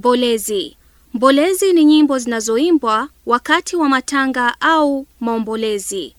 Mbolezi. Mbolezi ni nyimbo zinazoimbwa wakati wa matanga au maombolezi.